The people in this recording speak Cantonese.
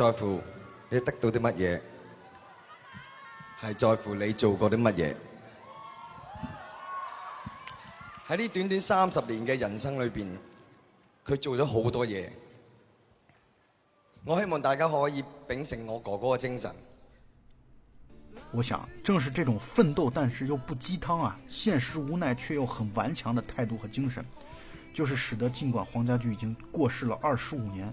在乎你得到啲乜嘢，係在乎你做過啲乜嘢。喺呢短短三十年嘅人生裏邊，佢做咗好多嘢。我希望大家可以秉承我哥哥嘅精神。我想，正是這種奮鬥，但是又不雞湯啊，現實無奈卻又很頑強嘅態度和精神，就是使得盡管黃家駒已經過世了二十五年。